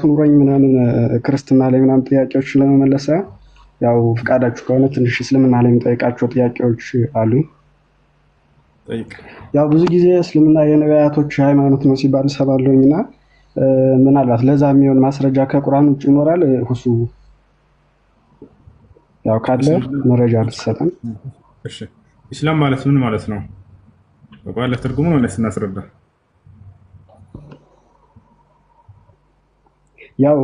ፍላጎቱ ኑሮኝ ምናምን ክርስትና ላይ ምናምን ጥያቄዎች ለመመለስ ሳይሆን ያው ፍቃዳችሁ ከሆነ ትንሽ እስልምና ላይ የሚጠይቃቸው ጥያቄዎች አሉ። ያው ብዙ ጊዜ እስልምና የነቢያቶች ሃይማኖት ነው ሲባል ሰባለኝ እና ምናልባት ለዛ የሚሆን ማስረጃ ከቁርአን ውጭ ይኖራል? ሁሱ ያው ካለ መረጃ ብትሰጠን። ኢስላም ማለት ምን ማለት ነው? ባለ ትርጉሙ ነው ስናስረዳ ያው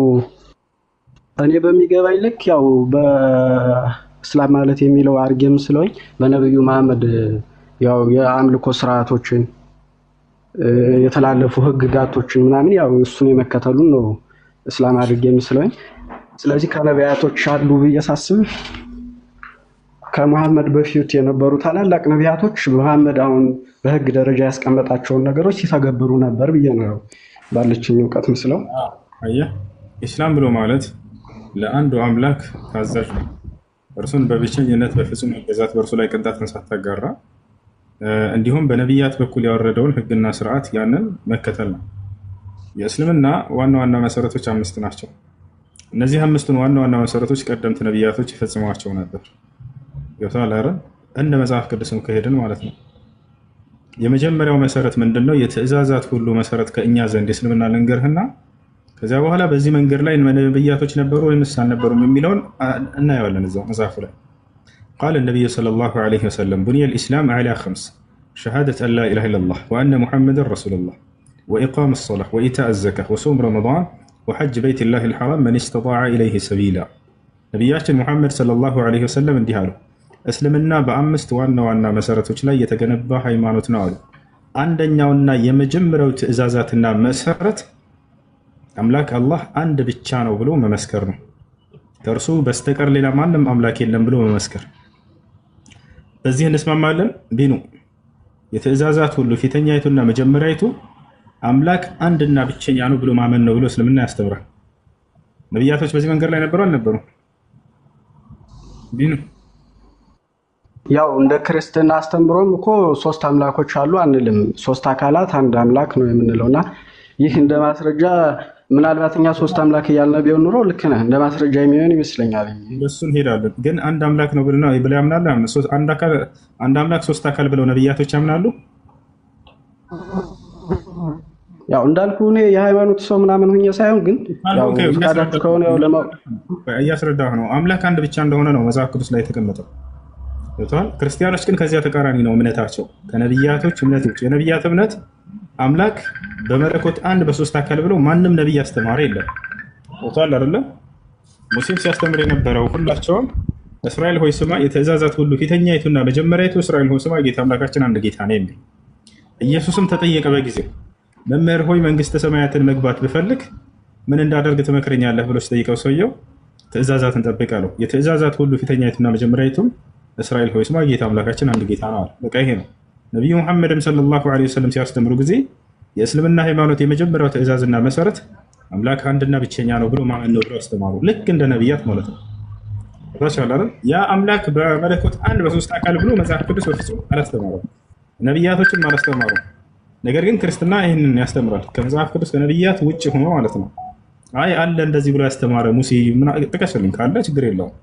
እኔ በሚገባኝ ልክ ያው በእስላም ማለት የሚለው አርጌም ስለሆኝ በነብዩ መሐመድ ያው የአምልኮ ስርዓቶችን የተላለፉ ህግጋቶችን ምናምን ያው እሱን የመከተሉን ነው እስላም አድርጌም ስለሆኝ ስለዚህ ከነቢያቶች አሉ ብዬ ሳስብ ከመሐመድ በፊት የነበሩ ታላላቅ ነቢያቶች መሐመድ አሁን በህግ ደረጃ ያስቀመጣቸውን ነገሮች ሲተገብሩ ነበር ብዬ ነው ባለችኝ እውቀት ምስለው አየህ ኢስላም ብሎ ማለት ለአንዱ አምላክ ታዛዥ ነው። እርሱን በብቸኝነት በፍጹም መገዛት በእርሱ ላይ ቅንጣትን ሳታጋራ፣ እንዲሁም በነቢያት በኩል ያወረደውን ሕግና ስርዓት ያንን መከተል ነው። የእስልምና ዋና ዋና መሰረቶች አምስት ናቸው። እነዚህ አምስቱን ዋና ዋና መሰረቶች ቀደምት ነቢያቶች ይፈጽሟቸው ነበር። ገብተዋል አይደል? እንደ መጽሐፍ ቅዱስም ከሄድን ማለት ነው። የመጀመሪያው መሰረት ምንድን ነው? ሁሉ መሰረት ከእኛ ዘንድ የእስልምና ልንገርህና ከዚያ በኋላ በዚህ መንገድ ላይ ነብያቶች ነበሩ ወይምስ አልነበሩም የሚለውን እናየዋለን እዛው መጽሐፉ ላይ ቃለ ነቢዩ ሰለላሁ ዐለይሂ ወሰለም ቡንየ ልእስላም ዐላ ኸምስ ሸሃደት አን ላ ኢላሃ ኢለላህ ወአነ ሙሐመደን ረሱሉላህ ወኢቃም ሰላህ ወኢታእ ዘካ ወሶም ረመዳን ወሐጅ በይትላህ ልሐራም መን ስተጣዐ ኢለይህ ሰቢላ ነቢያችን ሙሐመድ ሰለላሁ ዐለይሂ ወሰለም እንዲህ አሉ እስልምና በአምስት ዋና ዋና መሰረቶች ላይ የተገነባ ሃይማኖት ነው አሉ አንደኛውና የመጀመሪያው ትእዛዛትና መሰረት አምላክ አላህ አንድ ብቻ ነው ብሎ መመስከር ነው። ከእርሱ በስተቀር ሌላ ማንም አምላክ የለም ብሎ መመስከር። በዚህ እንስማማለን ቢኑ የትዕዛዛት ሁሉ ፊተኛይቱና መጀመሪያይቱ አምላክ አንድና ብቸኛ ነው ብሎ ማመን ነው ብሎ እስልምና ያስተምራል። ነቢያቶች በዚህ መንገድ ላይ ነበሩ አልነበሩ? ቢኑ ያው እንደ ክርስትና አስተምሮም እኮ ሶስት አምላኮች አሉ አንልም። ሶስት አካላት አንድ አምላክ ነው የምንለውና ይህ እንደ ማስረጃ ምናልባት እኛ ሶስት አምላክ እያልን ቢሆን ኑሮ ልክ ነህ፣ እንደ ማስረጃ የሚሆን ይመስለኛል። እሱን ሄዳለን። ግን አንድ አምላክ ነው ብለ ያምናሉ። አንድ አምላክ ሶስት አካል ብለው ነብያቶች ያምናሉ። ያው እንዳልኩ እኔ የሃይማኖት ሰው ምናምን ሁኜ ሳይሆን ግን ፍቃዳችሁ ነው። አምላክ አንድ ብቻ እንደሆነ ነው መጽሐፍ ቅዱስ ላይ የተቀመጠው። ክርስቲያኖች ግን ከዚያ ተቃራኒ ነው እምነታቸው ከነብያቶች እምነት ውጭ የነብያት እምነት አምላክ በመለኮት አንድ በሶስት አካል ብለው ማንም ነቢይ ያስተማረ የለም። ቦታል አይደለም። ሙሴም ሲያስተምር የነበረው ሁላቸውም እስራኤል ሆይ ስማ፣ የትእዛዛት ሁሉ ፊተኛይቱና መጀመሪያይቱ እስራኤል ሆይ ስማ፣ ጌታ አምላካችን አንድ ጌታ ነው የሚል ኢየሱስም ተጠየቀ በጊዜው መምህር ሆይ መንግስተ ሰማያትን መግባት ብፈልግ ምን እንዳደርግ ትመክረኛለህ ብሎ ሲጠይቀው ሰውየው ትእዛዛትን ጠብቅ አለው። የትእዛዛት ሁሉ ፊተኛይቱና መጀመሪያይቱም እስራኤል ሆይ ስማ፣ ጌታ አምላካችን አንድ ጌታ ነው አለ። በቃ ይሄ ነው። ነቢዩ ሙሐመድም ሰለላሁ ዐለይሂ ወሰለም ሲያስተምሩ ጊዜ የእስልምና ሃይማኖት የመጀመሪያው ትእዛዝና መሰረት አምላክ አንድና ብቸኛ ነው ብሎ ማመን ነው ብሎ አስተማሩ። ልክ እንደ ነቢያት ማለት ነው። ያ አምላክ በመለኮት አንድ በሶስት አካል ብሎ መጽሐፍ ቅዱስ በፍጹም አላስተማሩ፣ ነቢያቶችም አላስተማሩ። ነገር ግን ክርስትና ይህንን ያስተምራል ከመጽሐፍ ቅዱስ ከነቢያት ውጭ ሆኖ ማለት ነው። አይ አለ እንደዚህ ብሎ ያስተማረ ሙሴ ጥቀስልኝ ካለ ችግር የለውም።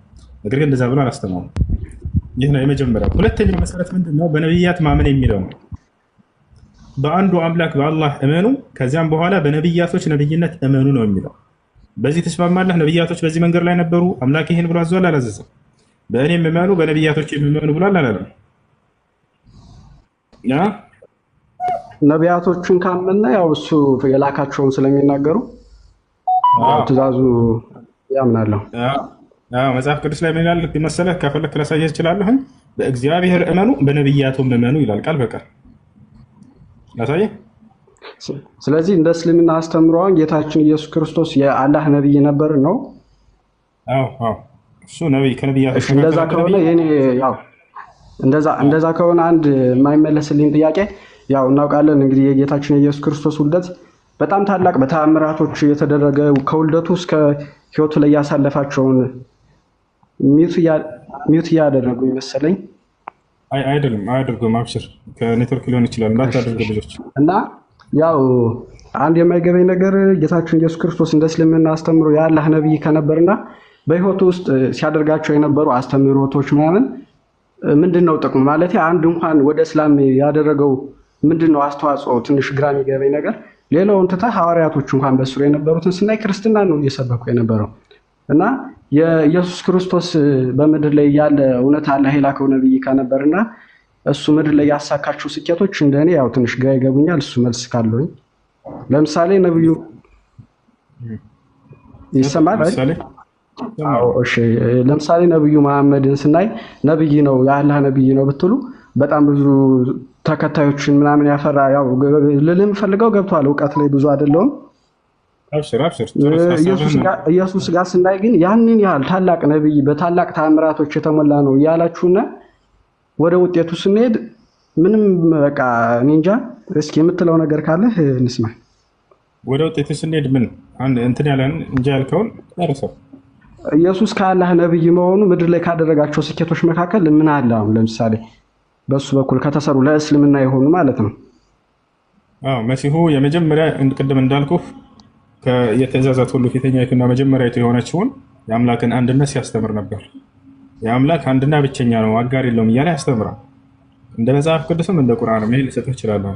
ነገር ግን እንደዛ ብሎ አላስተማሩም። ይህ ነው የመጀመሪያው። ሁለተኛው መሰረት ምንድን ነው? በነቢያት ማመን የሚለው ነው። በአንዱ አምላክ በአላህ እመኑ፣ ከዚያም በኋላ በነቢያቶች ነብይነት እመኑ ነው የሚለው። በዚህ ተስማማለህ? ነቢያቶች በዚህ መንገድ ላይ ነበሩ፣ አምላክ ይህን ብሎ አዟል አላዘዘም? በእኔ የሚመኑ በነቢያቶች የሚመኑ ብሏል አላለም? ነቢያቶቹን ካመነ ያው እሱ የላካቸውን ስለሚናገሩ ትእዛዙ ያምናለሁ። መጽሐፍ ቅዱስ ላይ ምን ይላል መሰለህ? ከፈለክ ላሳየህ እችላለሁኝ። በእግዚአብሔር እመኑ በነብያቱም እመኑ ይላል ቃል በቃል ላሳየህ። ስለዚህ እንደ እስልምና አስተምሮዋን ጌታችን ኢየሱስ ክርስቶስ የአላህ ነቢይ ነበር ነው። አዎ አዎ፣ እሱ ነቢይ ከነቢያቶች እንደዛ ከሆነ ያው እንደዛ እንደዛ ከሆነ አንድ የማይመለስልኝ ጥያቄ ያው እናውቃለን እንግዲህ የጌታችን የኢየሱስ ክርስቶስ ውልደት በጣም ታላቅ በተአምራቶች የተደረገ ከውልደቱ እስከ ህይወቱ ላይ ያሳለፋቸውን ሚዩት እያደረጉ ይመስለኝ። አይደለም አያደርገውም። አብሽር ከኔትወርክ ሊሆን ይችላል። እንዳታደርገ ልጆች እና ያው አንድ የማይገበኝ ነገር ጌታችን ኢየሱስ ክርስቶስ እንደ እስልምና አስተምሮ የአላህ ነቢይ ከነበርና በህይወቱ ውስጥ ሲያደርጋቸው የነበሩ አስተምህሮቶች ምናምን ምንድን ነው ጥቅሙ? ማለት አንድ እንኳን ወደ እስላም ያደረገው ምንድን ነው አስተዋጽኦ? ትንሽ ግራ የሚገበኝ ነገር ሌላውን ትተህ ሐዋርያቶች እንኳን በስሩ የነበሩትን ስናይ ክርስትና ነው እየሰበኩ የነበረው። እና የኢየሱስ ክርስቶስ በምድር ላይ ያለ እውነት አላህ ሄላከው ነብይ ከነበርና እሱ ምድር ላይ ያሳካቸው ስኬቶች እንደኔ ያው ትንሽ ግራ ይገቡኛል። እሱ መልስ ካለኝ ለምሳሌ ነብዩ ይሰማል። ለምሳሌ ነብዩ መሐመድን ስናይ ነብይ ነው የአላህ ነብይ ነው ብትሉ በጣም ብዙ ተከታዮችን ምናምን ያፈራ ያው ልልም ፈልገው ገብቷል። እውቀት ላይ ብዙ አይደለውም ኢየሱስ ጋር ስናይ ግን ያንን ያህል ታላቅ ነቢይ በታላቅ ታምራቶች የተሞላ ነው እያላችሁና ወደ ውጤቱ ስንሄድ ምንም በቃ እኔ እንጃ። እስኪ የምትለው ነገር ካለህ እንስማ። ወደ ውጤቱ ስንሄድ ምን እንትን ያለን እንጂ ያልከውን ጨርሰው። ኢየሱስ ከአላህ ነቢይ መሆኑ ምድር ላይ ካደረጋቸው ስኬቶች መካከል ምን አለ? አሁን ለምሳሌ በእሱ በኩል ከተሰሩ ለእስልምና የሆኑ ማለት ነው። መሲሁ የመጀመሪያ ቅድም እንዳልኩህ የትእዛዛት ሁሉ ፊተኛይቱና መጀመሪያቱ የሆነችውን የአምላክን አንድነት ሲያስተምር ነበር። የአምላክ አንድና ብቸኛ ነው፣ አጋር የለውም እያለ ያስተምራል። እንደ መጽሐፍ ቅዱስም እንደ ቁርአን ይሄ ልሰጥ ይችላለሁ።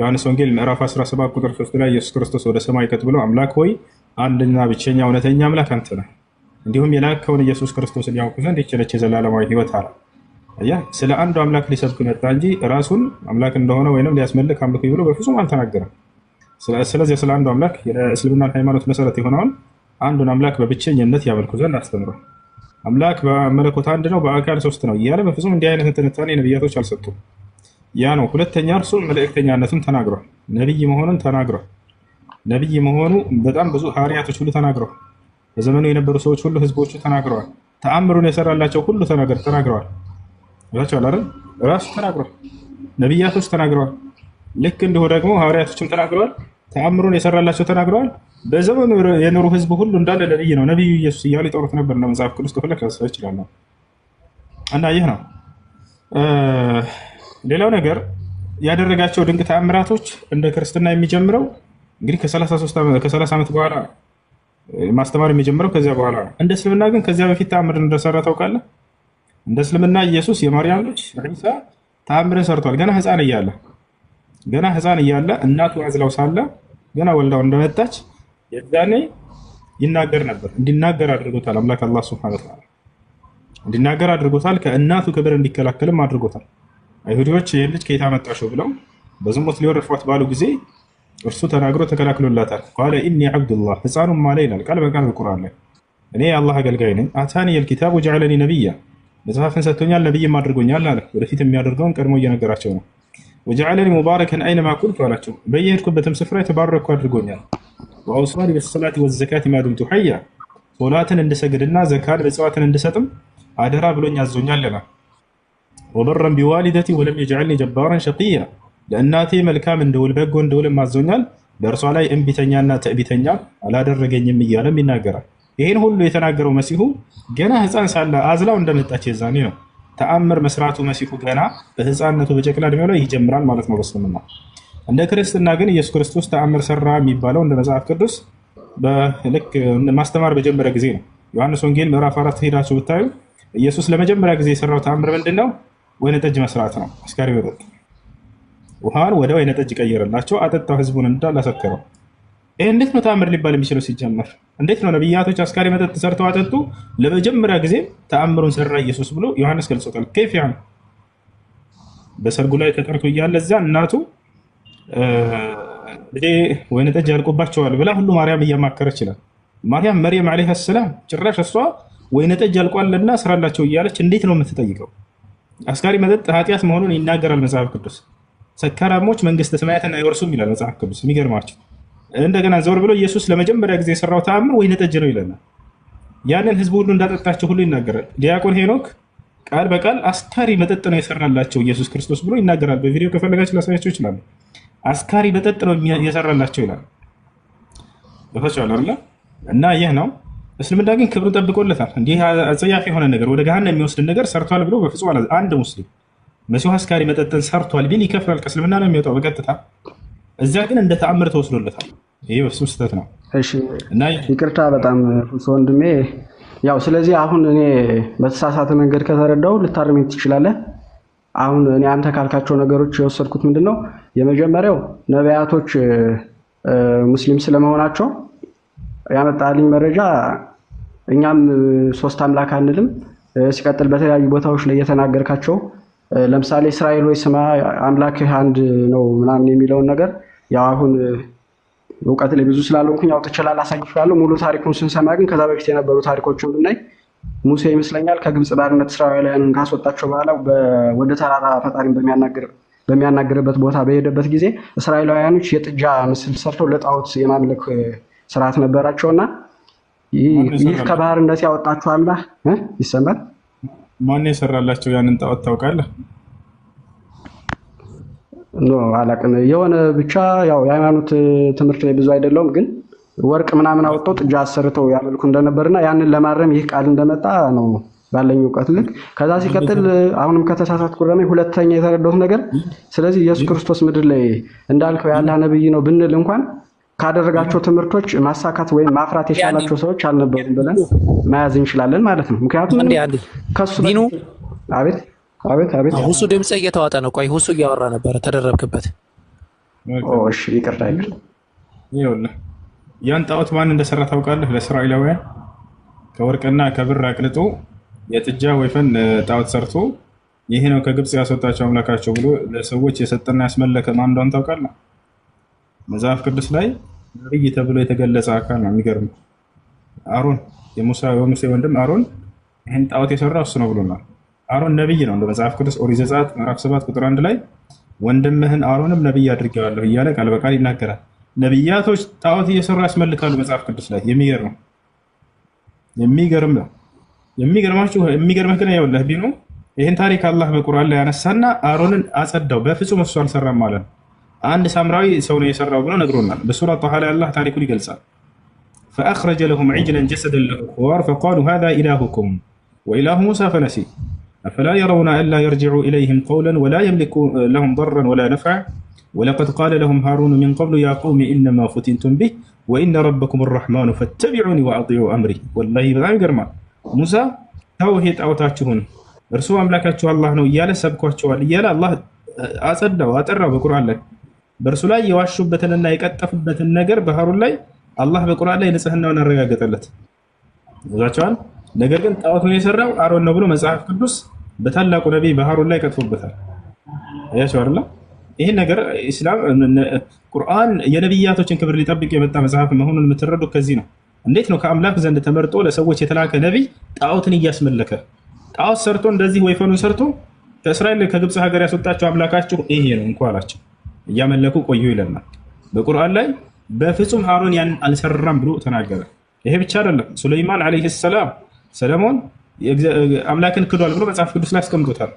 ዮሐንስ ወንጌል ምዕራፍ 17 ቁጥር 3 ላይ ኢየሱስ ክርስቶስ ወደ ሰማይ ቀጥ ብሎ አምላክ ሆይ አንድና ብቸኛ እውነተኛ አምላክ አንተ ነህ፣ እንዲሁም የላከውን ኢየሱስ ክርስቶስን ያውቁ ዘንድ ይችለች የዘላለማዊ ህይወት አለ። አያ ስለ አንዱ አምላክ ሊሰብክ መጣ እንጂ ራሱን አምላክ እንደሆነ ወይም ሊያስመልክ አምልኩኝ ብሎ በፍጹም አልተናገረም። ስለዚህ ስለ አንዱ አምላክ የእስልምና ሃይማኖት መሰረት የሆነውን አንዱን አምላክ በብቸኝነት ያመልኩ ዘንድ አስተምሯል። አምላክ በመለኮት አንድ ነው፣ በአካል ሶስት ነው እያለ በፍጹም እንዲህ አይነት ትንታኔ ነቢያቶች አልሰጡም። ያ ነው። ሁለተኛ እርሱ መልእክተኛነቱን ተናግሯል። ነቢይ መሆኑን ተናግሯል። ነቢይ መሆኑ በጣም ብዙ ሀሪያቶች ሁሉ ተናግረዋል። በዘመኑ የነበሩ ሰዎች ሁሉ ህዝቦቹ ተናግረዋል። ተአምሩን የሰራላቸው ሁሉ ተናግረዋል። ራሱ ተናግረዋል። ነቢያቶች ተናግረዋል። ልክ እንዲሁ ደግሞ ሐዋርያቶችም ተናግረዋል። ተአምሩን የሰራላቸው ተናግረዋል። በዘመኑ የኖሩ ህዝብ ሁሉ እንዳለ ነብይ ነው፣ ነቢዩ ኢየሱስ እያሉ ይጠሩት ነበር። እንደ መጽሐፍ ቅዱስ ከፈለግ ሰ ይችላለ እና ይህ ነው። ሌላው ነገር ያደረጋቸው ድንቅ ተአምራቶች እንደ ክርስትና የሚጀምረው እንግዲህ ከ30 ዓመት በኋላ ማስተማር የሚጀምረው ከዚያ በኋላ ነው። እንደ እስልምና ግን ከዚያ በፊት ተአምር እንደሰራ ታውቃለህ። እንደ እስልምና ኢየሱስ የማርያም ልጅ ዒሳ ተአምርን ሰርቷል ገና ህፃን እያለ ገና ህፃን እያለ እናቱ አዝላው ሳለ ገና ወልዳው እንደመጣች የዛኔ ይናገር ነበር። እንዲናገር አድርጎታል አምላክ አላህ ሱብሓነሁ ወተዓላ እንዲናገር አድርጎታል። ከእናቱ ክብር እንዲከላከልም አድርጎታል። አይሁዲዎች ይህን ልጅ ከየት አመጣሽው ብለው በዝሙት ሊወርፏት ባሉ ጊዜ እርሱ ተናግሮ ተከላክሎላታል። ቃለ ኢኒ ዐብዱላህ ህፃኑም ማለ ይላል ቃል በቃል በቁርአን ላይ እኔ የአላህ አገልጋይ ነኝ። አታኒ ልኪታብ ወጀዐለኒ ነቢያ መጽሐፍን ሰጥቶኛል፣ ነቢይም አድርጎኛል አለ። ወደፊት የሚያደርገውን ቀድሞ እየነገራቸው ነው። ወጀዓለኒ ሙባረከን አይነማ ኩንቱ አላቸው። በየሄድኩበትም ስፍራ የተባረኩ አድርጎኛል። ወአውሳኒ ቢሰላቲ ወዘካቲ ማዱምቱ ሐያ ሶላትን እንድሰግድና ዘካን እጽዋትን እንድሰጥም አደራ ብሎኝ አዞኛል ይላል። ወበረን ቢዋሊደቲ ወለም የጅዓልኒ ጀባራን ሸቂያ ለእናቴ መልካም እንደውል በጎ እንደውልም አዞኛል። በእርሷ ላይ እምቢተኛና ትዕቢተኛ አላደረገኝም እያለም ይናገራል። ይህን ሁሉ የተናገረው መሲሁ ገና ሕፃን ሳለ አዝላው እንደመጣች የዛኔ ነው። ተአምር መስራቱ መሲሁ ገና በህፃንነቱ በጨቅላ እድሜው ላይ ይጀምራል ማለት ነው በእስልምና። እንደ ክርስትና ግን ኢየሱስ ክርስቶስ ተአምር ሰራ የሚባለው እንደ መጽሐፍ ቅዱስ በልክ ማስተማር በጀመረ ጊዜ ነው። ዮሐንስ ወንጌል ምዕራፍ አራት ሄዳችሁ ብታዩ ኢየሱስ ለመጀመሪያ ጊዜ የሰራው ተአምር ምንድን ነው? ወይነ ጠጅ መስራት ነው። አስካሪ መጠጥ ውሃን ወደ ወይነ ጠጅ ቀየረላቸው፣ አጠጣው፣ ህዝቡን እንዳላሰከረው። ይህ እንዴት ነው ተአምር ሊባል የሚችለው ሲጀመር? እንዴት ነው ነቢያቶች አስካሪ መጠጥ ሰርተው አጠጡ? ለመጀመሪያ ጊዜ ተአምሩን ሰራ ኢየሱስ ብሎ ዮሐንስ ገልጾታል። ኬፍ ያን በሰርጉ ላይ ተጠርቶ እያለ እዛ እናቱ ልጄ ወይን ጠጅ ያልቆባቸዋል ብላ ሁሉ ማርያም እያማከረች ይላል። ማርያም መርየም ዓለይሃ ሰላም ጭራሽ እሷ ወይን ጠጅ ያልቋልና ስራላቸው እያለች እንዴት ነው የምትጠይቀው? አስካሪ መጠጥ ኃጢአት መሆኑን ይናገራል መጽሐፍ ቅዱስ። ሰካራሞች መንግስተ ሰማያትን አይወርሱም ይላል መጽሐፍ ቅዱስ። የሚገርማቸው እንደገና ዘወር ብሎ ኢየሱስ ለመጀመሪያ ጊዜ የሰራው ተአምር ወይን ጠጅ ነው ይለናል። ያንን ህዝቡ ሁሉ እንዳጠጣቸው ሁሉ ይናገራል። ዲያቆን ሄኖክ ቃል በቃል አስካሪ መጠጥ ነው የሰራላቸው ኢየሱስ ክርስቶስ ብሎ ይናገራል። በቪዲዮ ከፈለጋችሁ ላሳያቸው ይችላሉ። አስካሪ መጠጥ ነው የሰራላቸው ይላል። በተቻለ አለ እና ይህ ነው እስልምና ግን ክብሩን ጠብቆለታል። እንዲህ አጸያፊ የሆነ ነገር ወደ ገሃነም የሚወስድን ነገር ሰርቷል ብሎ በፍጹም አንድ ሙስሊም መሲሁ አስካሪ መጠጥን ሰርቷል ቢል ይከፍላል። ከእስልምና ነው የሚወጣው በቀጥታ እዚያ ግን እንደ ተአምር ተወስዶለታል። ይህ በፍጹም ስህተት ነው። ይቅርታ በጣም ወንድሜ። ያው ስለዚህ አሁን እኔ በተሳሳተ መንገድ ከተረዳው ልታርመኝ ትችላለህ። አሁን እኔ አንተ ካልካቸው ነገሮች የወሰድኩት ምንድን ነው? የመጀመሪያው ነቢያቶች ሙስሊም ስለመሆናቸው ያመጣልኝ መረጃ እኛም ሶስት አምላክ አንልም። ሲቀጥል በተለያዩ ቦታዎች ላይ እየተናገርካቸው ለምሳሌ እስራኤል ወይ ስማ አምላክህ አንድ ነው ምናምን የሚለውን ነገር ያው አሁን እውቀት ላይ ብዙ ስላልሆንኩኝ ያው ትችላ ሙሉ ታሪኩን ስንሰማ ግን ከዛ በፊት የነበሩ ታሪኮችን ብናይ ሙሴ ይመስለኛል ከግብፅ ባርነት እስራኤላውያንን ካስወጣቸው በኋላ ወደ ተራራ ፈጣሪን በሚያናግርበት ቦታ በሄደበት ጊዜ እስራኤላውያኖች የጥጃ ምስል ሰርተው ለጣዖት የማምለክ ስርዓት ነበራቸውና ይህ ከባርነት ያወጣቸው አላህ ይሰማል። ማን የሰራላቸው ያንን ጣዖት ታውቃለህ? አላቅም የሆነ ብቻ ያው የሃይማኖት ትምህርት ላይ ብዙ አይደለውም፣ ግን ወርቅ ምናምን አውጥተው ጥጃ አሰርተው ያመልኩ እንደነበርና ያንን ለማረም ይህ ቃል እንደመጣ ነው ባለኝ እውቀት ልክ። ከዛ ሲቀጥል አሁንም ከተሳሳት ረመኝ ሁለተኛ የተረዳሁት ነገር ስለዚህ ኢየሱስ ክርስቶስ ምድር ላይ እንዳልከው ያለ ነብይ ነው ብንል እንኳን ካደረጋቸው ትምህርቶች ማሳካት ወይም ማፍራት የቻላቸው ሰዎች አልነበሩም ብለን መያዝ እንችላለን ማለት ነው። ምክንያቱም ከሱ አቤት አቤት አቤት፣ ሁሱ ድምፅ እየተዋጠ ነው። ቆይ ሁሱ እያወራ ነበረ፣ ተደረብክበት። እሺ ይቅርታ ይቅርታ። ያን ጣዖት ማን እንደሰራ ታውቃለህ? ለእስራኤላውያን ከወርቅና ከብር አቅልጦ የጥጃ ወይፈን ጣዖት ሰርቶ ይሄ ነው ከግብፅ ያስወጣቸው አምላካቸው ብሎ ለሰዎች የሰጠና ያስመለከ ማን እንደሆነ ታውቃለህ? መጽሐፍ ቅዱስ ላይ ነብይ ተብሎ የተገለጸ አካል ነው። የሚገርመው አሮን የሙሴ ወንድም አሮን ይህን ጣዖት የሰራ እሱ ነው ብሎናል። አሮን ነቢይ ነው። እንደ ቅዱስ ኦሪት ዘጸአት ምዕራፍ ሰባት ቁጥር አንድ ላይ ወንድምህን አሮንም ነቢይ አድርጌዋለሁ እያለ ቃል በቃል ይናገራል። ነቢያቶች ጣዖት እየሰሩ ያስመልካሉ መጽሐፍ ቅዱስ ላይ። የሚገርም የሚገርም ነው። የሚገርማችሁ የሚገርምህ ግን ይኸውልህ ቢኑ ይህን ታሪክ አላህ በቁርአን ላይ ያነሳና አሮንን አጸዳው። በፍጹም እሱ አልሰራም ማለት ነው። አንድ ሳምራዊ ሰው ነው የሰራው ብሎ ነግሮናል። በሱራ ጣሃ ላይ አላህ ታሪኩን ይገልጻል። ፈአኽረጀ ለሁም ዒጅለን ጀሰደን ለሁ ኹዋር ፈቃሉ ሃዛ ኢላሁኩም ወኢላሁ ሙሳ ፈነሲ أفلا يرون አላ የርጅዑ ኢለይህም ቀውለን ወላ የምሊኩ ለሁም ضرا ወላ نفعا ወለቀድ ቃለ لهم هارون من قبل يا قوم إنما فتنتم به وإن ربكم الرحمن فاتبعوني وأطيعوا أمري والله በጣም ይገርማል ሙሳ ተውሂድ አውታችሁን እርሱ አምላካችሁ አላህ ነው እያለ ሰብኳቸዋል እያለ አላህ አጸዳው አጠራው በቁርአን ላይ በእርሱ ላይ የዋሹበትንና የቀጠፉበትን ነገር በሃሩን ላይ አላህ በቁርአን ላይ ንጽህናውን አረጋገጠለት ዛቸዋል ነገር ግን ጣዖቱን የሰራው አሮን ነው ብሎ መጽሐፍ ቅዱስ በታላቁ ነቢይ ባህሩን ላይ ቀጥፎበታል። አያቸው አይደል? ይህ ነገር ኢስላም ቁርአን የነቢያቶችን ክብር ሊጠብቅ የመጣ መጽሐፍ መሆኑን የምትረዱ ከዚህ ነው። እንዴት ነው ከአምላክ ዘንድ ተመርጦ ለሰዎች የተላከ ነቢይ ጣዖትን እያስመለከ ጣዖት ሰርቶ እንደዚህ ወይፈኑን ሰርቶ ከእስራኤል ከግብፅ ሀገር ያስወጣቸው አምላካችሁ ይሄ ነው እንኳ አላቸው። እያመለኩ ቆዩ ይለናል በቁርአን ላይ። በፍጹም ሃሩን ያንን አልሰራም ብሎ ተናገረ። ይሄ ብቻ አይደለም። ሱለይማን ዓለይሂ ሰላም ሰለሞን አምላክን ክዷል ብሎ መጽሐፍ ቅዱስ ላይ አስቀምጦታል።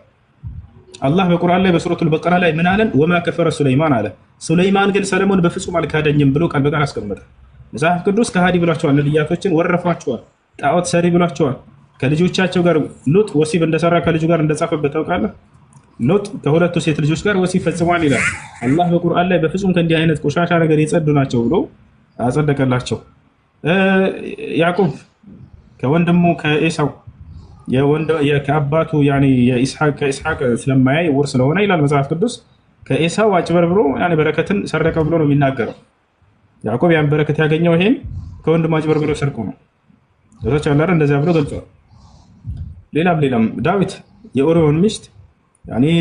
አላህ በቁርአን ላይ በሱረቱል በቀራ ላይ ምን አለን? ወማ ከፈረ ሱለይማን አለ። ሱለይማን ግን ሰለሞን በፍጹም አልካደኝም ብሎ ቃል በቃል አስቀመጠ። መጽሐፍ ቅዱስ ከሃዲ ብሏቸዋል፣ ነቢያቶችን ወረፏቸዋል፣ ጣዖት ሰሪ ብሏቸዋል። ከልጆቻቸው ጋር ሉጥ ወሲብ እንደሰራ ከልጁ ጋር እንደጻፈበት ታውቃለህ። ሉጥ ከሁለቱ ሴት ልጆች ጋር ወሲብ ፈጽሟል ይላል። አላህ በቁርአን ላይ በፍጹም ከእንዲህ አይነት ቆሻሻ ነገር የጸዱ ናቸው ብሎ አጸደቀላቸው። ያዕቁብ ከወንድሙ ከኤሳው ከአባቱ ከኢስሐቅ ስለማያይ ውር ስለሆነ ይላል መጽሐፍ ቅዱስ ከኤሳው አጭበርብሮ በረከትን ሰረቀ ብሎ ነው የሚናገረው። ያዕቆብ ያን በረከት ያገኘው ይሄን ከወንድሙ አጭበርብሮ ሰርቆ ነው። ቶች አላረ እንደዚያ ብሎ ገልጿል። ሌላም ሌላም ዳዊት የኦሪዮን ሚስት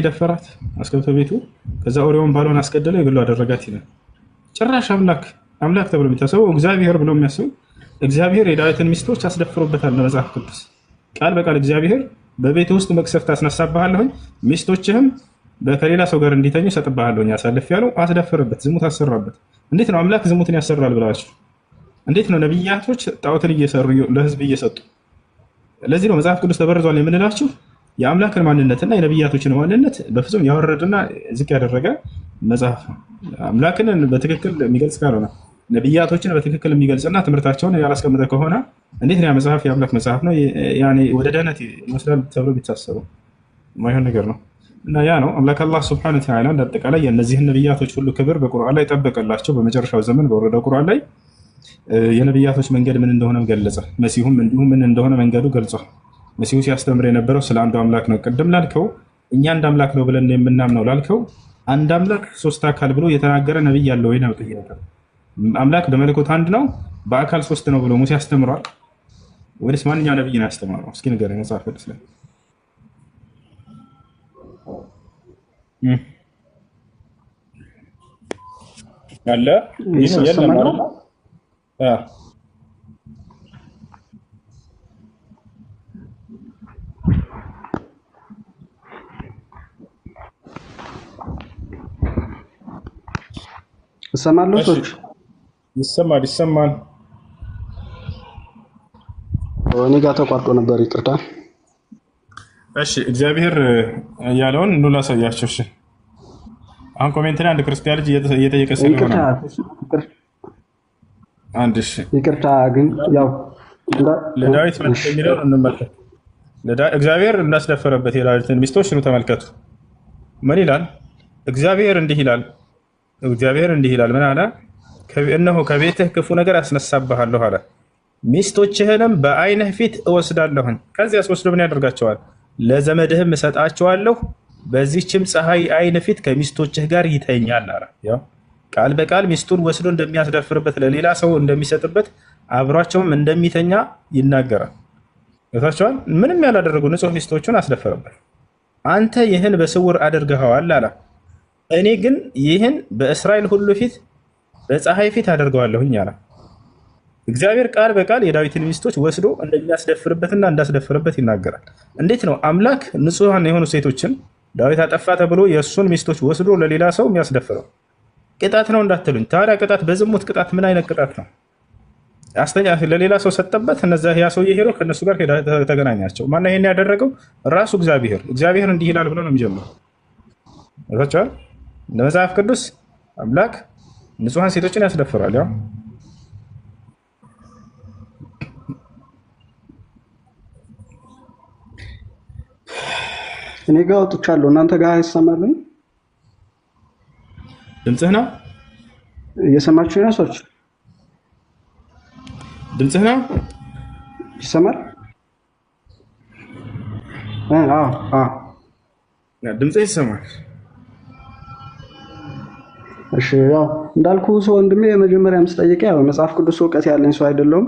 ደፈራት፣ አስገብቶ ቤቱ ከዛ ኦሪዮን ባሏን አስገደለ፣ የግሉ አደረጋት ይላል። ጭራሽ አምላክ አምላክ ተብሎ የሚታሰበው እግዚአብሔር ብሎ የሚያስቡ እግዚአብሔር የዳዊትን ሚስቶች አስደፍሮበታል ለመጽሐፍ ቅዱስ ቃል በቃል እግዚአብሔር በቤት ውስጥ መቅሰፍት አስነሳብሃለሁኝ፣ ሚስቶችህም ከሌላ ሰው ጋር እንዲተኙ እሰጥብሃለሁኝ አሳልፍ ያለው አስደፈረበት፣ ዝሙት አሰራበት። እንዴት ነው አምላክ ዝሙትን ያሰራል ብላችሁ እንዴት ነው ነቢያቶች ጣዖትን እየሰሩ ለህዝብ እየሰጡ? ለዚህ ነው መጽሐፍ ቅዱስ ተበርዟል የምንላችሁ የአምላክን ማንነትና የነቢያቶችን ማንነት በፍጹም ያወረድና ዝቅ ያደረገ መጽሐፍ ነው። አምላክን በትክክል የሚገልጽ ካልሆነ ነቢያቶችን በትክክል የሚገልጽና ትምህርታቸውን ያላስቀምጠ ከሆነ እንዴት ያ መጽሐፍ የአምላክ መጽሐፍ ነው ወደ ደህነት ይመስላል ተብሎ ቢታሰቡ ማይሆን ነገር ነው እና ያ ነው አምላክ አላህ ስብሐነሁ ወተዓላ እንዳጠቃላይ የእነዚህን ነቢያቶች ሁሉ ክብር በቁርአን ላይ ጠበቀላቸው። በመጨረሻው ዘመን በወረደው ቁርአን ላይ የነቢያቶች መንገድ ምን እንደሆነ ገለጸ። መሲሁም እንዲሁም ምን እንደሆነ መንገዱ ገልጿል። መሲሁ ሲያስተምር የነበረው ስለ አንዱ አምላክ ነው። ቅድም ላልከው እኛ አንድ አምላክ ነው ብለን የምናምነው ላልከው አንድ አምላክ ሶስት አካል ብሎ የተናገረ ነቢይ ያለው ወይ ነው ጥያቄ አምላክ በመለኮት አንድ ነው፣ በአካል ሶስት ነው ብሎ ሙሴ አስተምሯል ወይስ ማንኛው ነብይ ነው ያስተማረው? እስኪ ንገረኝ። መጽሐፍ ቅዱስ ላይ አለ የለም እሰማለሁ ሶች ይሰማል ይሰማል። እኔ ጋር ተቋርጦ ነበር፣ ይቅርታ። እሺ እግዚአብሔር ያለውን ኑ ላሳያቸው። እሺ አሁን ኮሜንት ላይ አንድ ክርስቲያን ልጅ እየጠየቀ ስለሆነ አንድ እሺ፣ ይቅርታ ግን ያው ለዳዊት መልስ የሚለውን እንመልከት። እግዚአብሔር እንዳስደፈረበት የላሉትን ሚስቶች ነው ተመልከቱ። ምን ይላል? እግዚአብሔር እንዲህ ይላል፣ እግዚአብሔር እንዲህ ይላል። ምን አለ? እነሆ ከቤትህ ክፉ ነገር አስነሳብሃለሁ አለ። ሚስቶችህንም በዓይንህ ፊት እወስዳለሁኝ። ከዚያስ ወስዶ ምን ያደርጋቸዋል? ለዘመድህም እሰጣቸዋለሁ። በዚችም ፀሐይ አይን ፊት ከሚስቶችህ ጋር ይተኛል አለ። ቃል በቃል ሚስቱን ወስዶ እንደሚያስደፍርበት ለሌላ ሰው እንደሚሰጥበት አብሯቸውም እንደሚተኛ ይናገራል። ታቸዋል ምንም ያላደረጉ ንጹህ ሚስቶቹን አስደፈረበት። አንተ ይህን በስውር አድርገኸዋል አለ። እኔ ግን ይህን በእስራኤል ሁሉ ፊት በፀሐይ ፊት አደርገዋለሁኝ አለ። እግዚአብሔር ቃል በቃል የዳዊትን ሚስቶች ወስዶ እንደሚያስደፍርበትና እንዳስደፍርበት ይናገራል። እንዴት ነው አምላክ ንጹሐን የሆኑ ሴቶችን ዳዊት አጠፋ ተብሎ የእሱን ሚስቶች ወስዶ ለሌላ ሰው የሚያስደፍረው? ቅጣት ነው እንዳትሉኝ። ታዲያ ቅጣት በዝሙት ቅጣት ምን አይነት ቅጣት ነው? አስተኛ ለሌላ ሰው ሰጠበት። እነዚያ ያ ሰውዬ ሄዶ ከእነሱ ጋር ተገናኛቸው። ማነው ይሄን ያደረገው? ራሱ እግዚአብሔር። እግዚአብሔር እንዲህ ይላል ብሎ ነው የሚጀምረው። መጽሐፍ ቅዱስ አምላክ ንጹሐን ሴቶችን ያስደፍራል። ያው እኔ ጋር አውጥቻለሁ፣ እናንተ ጋር አይሰማልኝ። ድምፅህ ነው እየሰማችሁ ነው። ሰዎች ድምፅህ ነው ይሰማል። ድምፅህ ይሰማል። እሺ ያው እንዳልኩ ሰው ወንድሜ የመጀመሪያ ምስጠይቀ ያው መጽሐፍ ቅዱስ እውቀት ያለኝ ሰው አይደለሁም።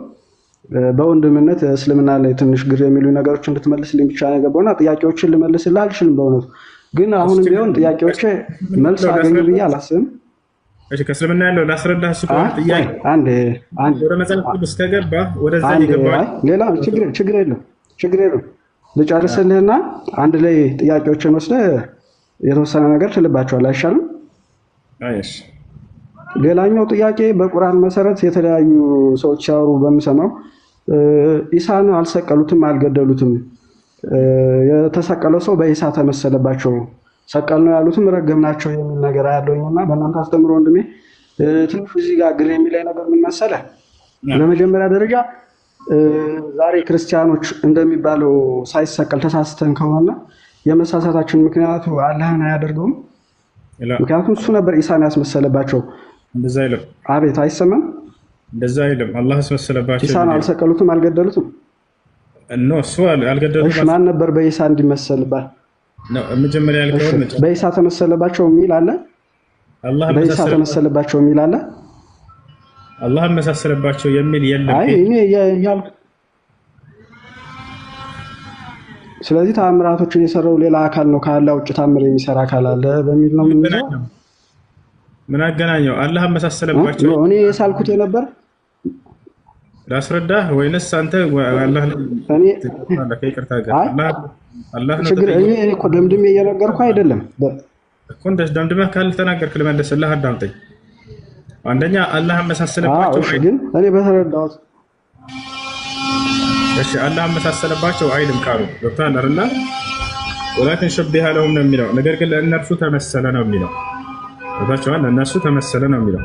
በወንድምነት እስልምና ላይ ትንሽ ግር የሚሉ ነገሮች እንድትመልስልኝ ብቻ ነው የገባሁና ጥያቄዎችን ልመልስልህ አልችልም። በእውነቱ ግን አሁንም ቢሆን ጥያቄዎች መልስ አገኙ ብዬ አላስብም። እሺ ከእስልምና ያለው ላስረዳህ። እሱ ጥያቄ አንድ አንድ ወደ መጽሐፍ ቅዱስ ከገባ ወደዛ ይገባል። ሌላ ችግር ችግር የለም ችግር የለም። ልጨርስልህና አንድ ላይ ጥያቄዎችን ወስደህ የተወሰነ ነገር ትልባቸዋል አይሻልም? ሌላኛው ጥያቄ በቁርአን መሰረት የተለያዩ ሰዎች ሲያወሩ በምሰማው ኢሳን አልሰቀሉትም፣ አልገደሉትም፣ የተሰቀለው ሰው በኢሳ ተመሰለባቸው፣ ሰቀል ነው ያሉትም ረገምናቸው የሚል ነገር አያለሁኝ እና በእናንተ አስተምሮ ወንድሜ ትንሹ እዚህ ጋር ግር የሚለኝ ነገር ምን መሰለ፣ በመጀመሪያ ደረጃ ዛሬ ክርስቲያኖች እንደሚባለው ሳይሰቀል ተሳስተን ከሆነ የመሳሳታችን ምክንያቱ አላህን አያደርገውም ምክንያቱም እሱ ነበር ኢሳን ያስመሰለባቸው። እንደዛ አይልም። አቤት አይሰማም። እንደዛ አይልም። አላህ ያስመሰለባቸው። ኢሳን አልሰቀሉትም፣ አልገደሉትም። ኖ እሱ አልገደሉትም። ማን ነበር በኢሳ እንዲመሰልባት መጀመሪያ በኢሳ ተመሰለባቸው የሚል አለ። በኢሳ ተመሰለባቸው የሚል አለ። አላህ መሳሰለባቸው የሚል የለም። ስለዚህ ተአምራቶችን የሰራው ሌላ አካል ነው ካለ ውጭ ታምር የሚሰራ አካል አለ በሚል ነው ምን አገናኘው? አላህ አመሳሰለባቸው። እኔ የሳልኩት የነበር ላስረዳህ ወይንስ አንተ እኔ እኮ ደምድሜ እየነገርኩ አይደለም እኮ እንደ ደምድመህ ካልተናገርክ ልመለስልህ። አዳምጠኝ። አንደኛ አላህ አመሳሰለባቸው ግን እኔ በተረዳሁት እሺ አላህ አመሳሰለባቸው አይልም ቃሉ ገብታነር እና ወላኪን ሸቢሀ ለሁም ነው የሚለው ነገር ግን ለእነርሱ ተመሰለ ነው የሚለው ገብታችኋል እነሱ ተመሰለ ነው የሚለው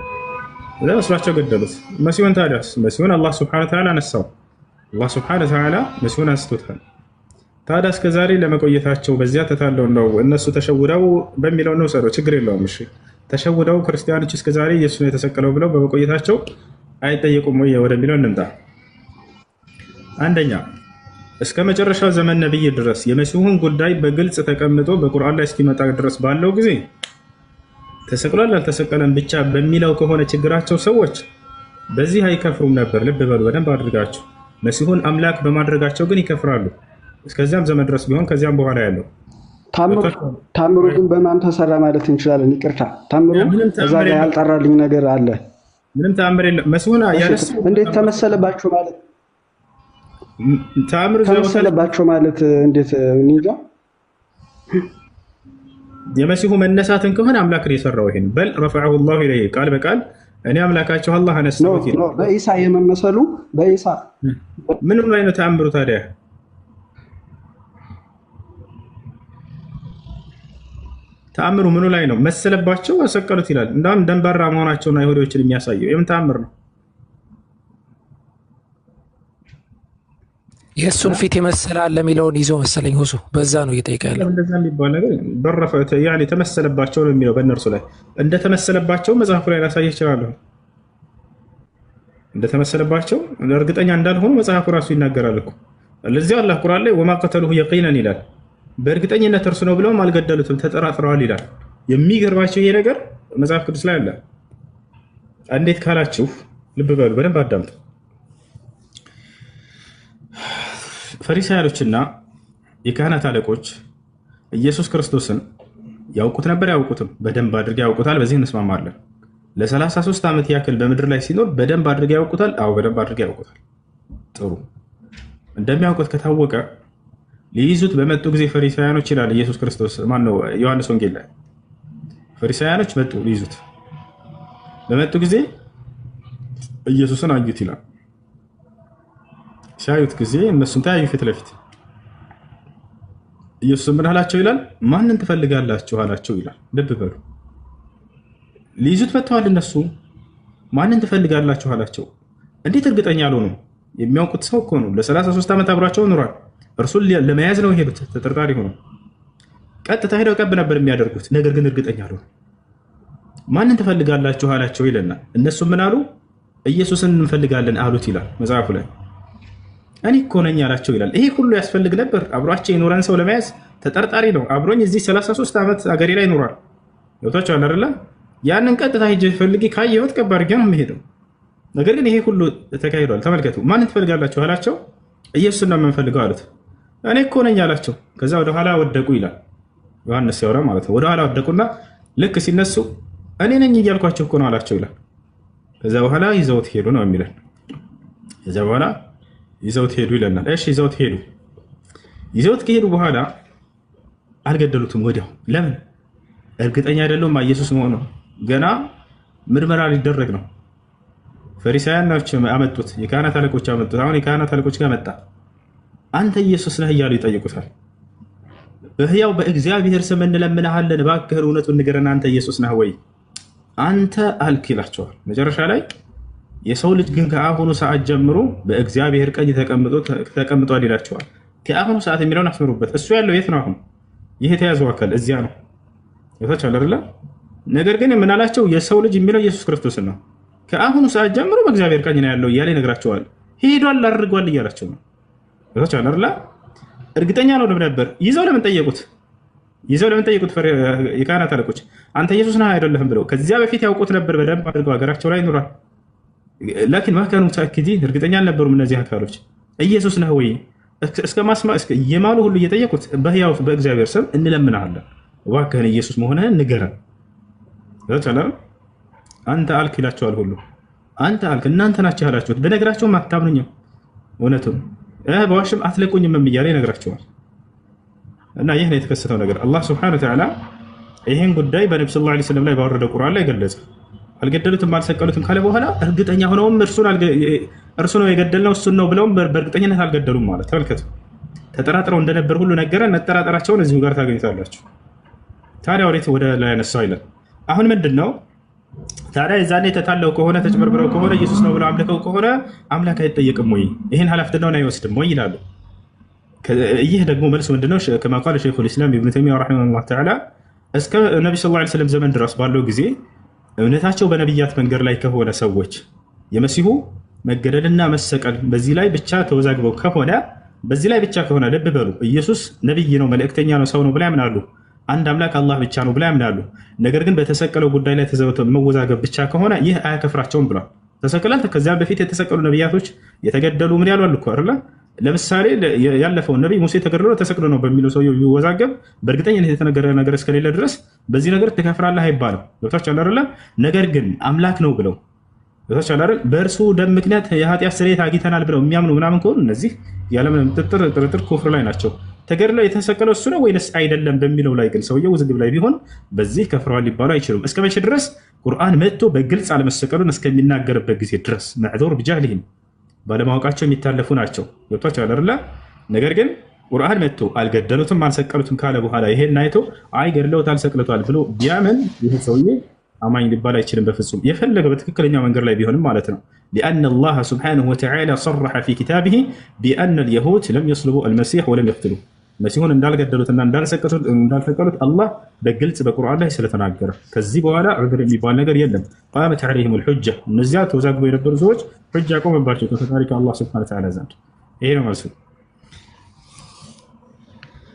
እዛ መስሏቸው ገደሉት መሲሆን ታዲያስ መሲሆን አላህ ስብሐነ ወተዓላ አነሳው አላህ ስብሐነ ወተዓላ መሲሆን አንስቶታል ታዲያ እስከ ዛሬ ለመቆየታቸው በዚያ ተታለው ነው እነሱ ተሸውደው በሚለው ነው ሰሮ ችግር የለውም እሺ ተሸውደው ክርስቲያኖች እስከ ዛሬ ኢየሱስ ነው የተሰቀለው ብለው በመቆየታቸው አይጠየቁም ወይ ወደሚለው እንምጣ አንደኛ እስከ መጨረሻ ዘመን ነቢይ ድረስ የመሲሁን ጉዳይ በግልጽ ተቀምጦ በቁርአን ላይ እስኪመጣ ድረስ ባለው ጊዜ ተሰቅሏል አልተሰቀለም ብቻ በሚለው ከሆነ ችግራቸው ሰዎች በዚህ አይከፍሩም ነበር። ልብ በሉ በደንብ አድርጋቸው። መሲሁን አምላክ በማድረጋቸው ግን ይከፍራሉ። እስከዚያም ዘመን ድረስ ቢሆን ከዚያም በኋላ ያለው ታምሩ ግን በማን ተሰራ ማለት እንችላለን? ይቅርታ ታምሩ እዛ ላይ ያልጠራልኝ ነገር አለ። ምንም ተአምር የለም። መሲሁን እንዴት ተመሰለባችሁ ማለት ከመሰለባቸው ማለት እንዴት እንይዛ የመሲሁ መነሳትን ከሆነ አምላክ የሰራው። ይሄን በል ረፈዐሁ ላሁ ኢለይህ ቃል በቃል እኔ አምላካቸው አላህ አነሳሁት። በኢሳ የመመሰሉ በኢሳ ምን ላይ ነው ተአምሩ ታዲያ? ተአምሩ ምኑ ላይ ነው? መሰለባቸው አሰቀሉት ይላል። እንዳውም ደንበራ መሆናቸውና አይሁዶችን የሚያሳየው የምን ተአምር ነው። የእሱን ፊት ይመስላል ለሚለውን ይዞ መሰለኝ ሱ በዛ ነው እየጠየቀ ያለው። እንደዛ የሚባል ነገር በረፈ ተመሰለባቸው ነው የሚለው በእነርሱ ላይ እንደተመሰለባቸው መጽሐፉ ላይ ላሳየ ይችላለሁ። እንደተመሰለባቸው እርግጠኛ እንዳልሆኑ መጽሐፉ ራሱ ይናገራል እኮ። ለዚያ አላህ ቁርአን ላይ ወማ ቀተሉሁ የቂነን ይላል። በእርግጠኝነት እርሱ ነው ብለውም አልገደሉትም ተጠራጥረዋል ይላል። የሚገርባቸው ይሄ ነገር መጽሐፍ ቅዱስ ላይ አለ። እንዴት ካላችሁ ልብ በሉ፣ በደንብ አዳምጡ። ፈሪሳያኖችና የካህናት አለቆች ኢየሱስ ክርስቶስን ያውቁት ነበር፣ ያውቁትም በደንብ አድርገ ያውቁታል። በዚህ እንስማማለን። ለ33 ዓመት ያክል በምድር ላይ ሲኖር በደንብ አድርገ ያውቁታል። አዎ በደንብ አድርገ ያውቁታል። ጥሩ እንደሚያውቁት ከታወቀ ሊይዙት በመጡ ጊዜ ፈሪሳያኖች ይላል ኢየሱስ ክርስቶስ ማነው ዮሐንስ ወንጌል ላይ ፈሪሳያኖች መጡ ሊይዙት በመጡ ጊዜ ኢየሱስን አዩት ይላል ሲያዩት ጊዜ እነሱን ተያዩ ፊት ለፊት ኢየሱስ ምን አላቸው ይላል? ማንን ትፈልጋላችሁ አላቸው ይላል። ልብ በሉ ሊይዙት መጥተዋል። እነሱ ማንን ትፈልጋላችሁ አላቸው። እንዴት እርግጠኛ ነው የሚያውቁት ሰው እኮ ነው። ለ33 ዓመት አብሯቸው ኑሯል። እርሱን ለመያዝ ነው የሄዱት። ተጠርጣሪ ሆኖ ቀጥታ ሄደው ቀብ ነበር የሚያደርጉት። ነገር ግን እርግጠኛ አልሆኑ። ማንን ትፈልጋላችሁ አላቸው ይለና እነሱ ምን አሉ? ኢየሱስን እንፈልጋለን አሉት ይላል መጽሐፉ ላይ እኔ እኮ ነኝ አላቸው ይላል። ይሄ ሁሉ ያስፈልግ ነበር አብሯቸው የኖረን ሰው ለመያዝ ተጠርጣሪ ነው። አብሮኝ እዚህ 33 ዓመት አገሬ ላይ ይኖራል። ገብቷቸዋል አይደለ? ያንን ቀጥታ ሂጅ ፈልጊ ካየሁት ቀብ አድርጌ ነው የምሄደው። ነገር ግን ይሄ ሁሉ ተካሂዷል። ተመልከቱ። ማንን ትፈልጋላቸው አላቸው። ነው የምንፈልገው አሉት። እኔ እኮ ነኝ አላቸው። ከዛ ወደኋላ ወደቁ ይላል ዮሐንስ ያወራ ማለት ነው። ወደኋላ ወደቁና ልክ ሲነሱ እኔ ነኝ እያልኳቸው እኮ ነው አላቸው ይላል። ከዛ በኋላ ይዘውት ሄዱ ነው የሚለን ከዛ በኋላ ይዘውት ሄዱ ይለናል። እሺ ይዘውት ሄዱ። ይዘውት ከሄዱ በኋላ አልገደሉትም። ወዲያው ለምን እርግጠኛ አይደለም ኢየሱስ መሆኑ ገና ምርመራ ሊደረግ ነው። ፈሪሳውያን ናቸው አመጡት፣ የካህናት አለቆች አመጡት። አሁን የካህናት አለቆች ጋር መጣ። አንተ ኢየሱስ ነህ እያሉ ይጠይቁታል። በህያው በእግዚአብሔር ስም እንለምናሃለን፣ እባክህ እውነቱን ንገረን፣ አንተ ኢየሱስ ነህ ወይ አንተ አልክ ይላቸዋል። መጨረሻ ላይ የሰው ልጅ ግን ከአሁኑ ሰዓት ጀምሮ በእግዚአብሔር ቀኝ ተቀምጧል ይላቸዋል። ከአሁኑ ሰዓት የሚለውን አስምሩበት። እሱ ያለው የት ነው? አሁን ይህ የተያዘው አካል እዚያ ነው ታቻል አለ። ነገር ግን የምናላቸው የሰው ልጅ የሚለው ኢየሱስ ክርስቶስን ነው። ከአሁኑ ሰዓት ጀምሮ በእግዚአብሔር ቀኝ ነው ያለው እያለ ይነግራቸዋል። ሄዷል፣ አድርጓል እያላቸው ነው ታቻል አለ። እርግጠኛ ነው ነበር። ይዘው ለምን ጠየቁት? ይዘው ለምን ጠየቁት? የካህናት አለቆች አንተ ኢየሱስ ነህ አይደለህም ብለው ከዚያ በፊት ያውቁት ነበር። በደንብ አድርገው ሀገራቸው ላይ ይኑራል ላኪን ማካኑ ሙተአክዲን እርግጠኛ አልነበሩም እነዚህ አካሎች ኢየሱስ ነህ ወይ እስከ ማስማ የማሉ ሁሉ እየጠየቁት በህያው በእግዚአብሔር ስም እንለምናለን እባክህን ኢየሱስ መሆንህን ንገረን ተላ አንተ አልክ ይላቸዋል ሁሉ አንተ አልክ እናንተ ናችሁ ያላችሁት በነገራቸውም አታምኑኝም እውነቱም በዋሽም አትለቁኝም እያለ ይነግራቸዋል እና ይህ ነው የተከሰተው ነገር አላህ ስብሐነሁ ወተዓላ ይህን ጉዳይ በነቢ ስ ላ ስለም ላይ ባወረደ ቁርአን ላይ ገለጸ አልገደሉትም አልሰቀሉትም ካለ በኋላ እርግጠኛ ሆነውም እርሱ ነው የገደልነው እሱን ነው ብለውም በእርግጠኝነት አልገደሉም ማለት ተመልከቱ። ተጠራጥረው እንደነበር ሁሉ ነገረ መጠራጠራቸውን እዚሁ ጋር ታገኝታላችሁ። ታዲያ ወዴት ወደ ላይ ያነሳው ይላል። አሁን ምንድን ነው ታዲያ የዛኔ ተታለው ከሆነ ተጭበርብረው ከሆነ ኢየሱስ ነው ብለው አምልከው ከሆነ አምላክ አይጠየቅም ወይ? ይህን ኃላፊነቱን አይወስድም ወይ ይላሉ። ይህ ደግሞ መልሱ ምንድነው? ከማ ቃለ ሸይኹል ኢስላም ኢብኑ ተይሚያ ረሒመሁላህ ተዓላ እስከ ነቢ ስ ላ ስለም ዘመን ድረስ ባለው ጊዜ እምነታቸው በነቢያት መንገድ ላይ ከሆነ ሰዎች የመሲሁ መገደልና መሰቀል በዚህ ላይ ብቻ ተወዛግበው ከሆነ በዚህ ላይ ብቻ ከሆነ ልብ በሉ ኢየሱስ ነቢይ ነው፣ መልእክተኛ ነው፣ ሰው ነው ብላ ያምናሉ። አንድ አምላክ አላህ ብቻ ነው ብላ ያምናሉ። ነገር ግን በተሰቀለው ጉዳይ ላይ መወዛገብ ብቻ ከሆነ ይህ አያከፍራቸውም ብሏል። ተሰቅላል። ከዚያም በፊት የተሰቀሉ ነቢያቶች የተገደሉ ምን ያሉ አሉ ለምሳሌ ያለፈውን ነቢይ ሙሴ ተገድሎ ተሰቅሎ ነው በሚለው ሰው ቢወዛገብ በእርግጠኝነት የተነገረ ነገር እስከሌለ ድረስ በዚህ ነገር ትከፍራለህ አይባልም። ገብታች አላለ። ነገር ግን አምላክ ነው ብለው ገብታች አላ በእርሱ ደም ምክንያት የኃጢአት ስርየት አግኝተናል ብለው የሚያምኑ ምናምን ከሆኑ እነዚህ ያለምንም ጥርጥር ኩፍር ላይ ናቸው። ተገድሎ የተሰቀለው እሱ ነው ወይንስ አይደለም በሚለው ላይ ግን ሰውየው ውዝግብ ላይ ቢሆን በዚህ ከፍረዋል ሊባሉ አይችሉም። እስከ መቼ ድረስ ቁርአን መጥቶ በግልጽ አለመሰቀሉን እስከሚናገርበት ጊዜ ድረስ መዕዞር ብጃህልህም ባለማወቃቸው የሚታለፉ ናቸው። ገብቷቸዋል አይደለ? ነገር ግን ቁርአን መጥቶ አልገደሉትም አልሰቀሉትም ካለ በኋላ ይሄን አይቶ አይ ገድለውታል ሰቅለቷል ብሎ ቢያምን ይህ ሰውዬ አማኝ ሊባል አይችልም በፍጹም የፈለገው በትክክለኛ መንገድ ላይ ቢሆንም ማለት ነው لأن الله سبحانه وتعالى صرح في كتابه بأن اليهود لم يصلبوا المسيح ولم يقتلوه መሲሁን እንዳልገደሉትና እንዳልሰቀሉት አላህ በግልጽ በቁርአን ላይ ስለተናገረ ከዚህ በኋላ ዑድር የሚባል ነገር የለም። ቃመት ዐለይሂም ልሑጃ እነዚያ ተወዛግበው የነበሩ ሰዎች ሑጃ ቆመባቸው ከፈጣሪ ከአላህ ስብሐነ ወተዓላ ዘንድ። ይሄ ነው መልሱ።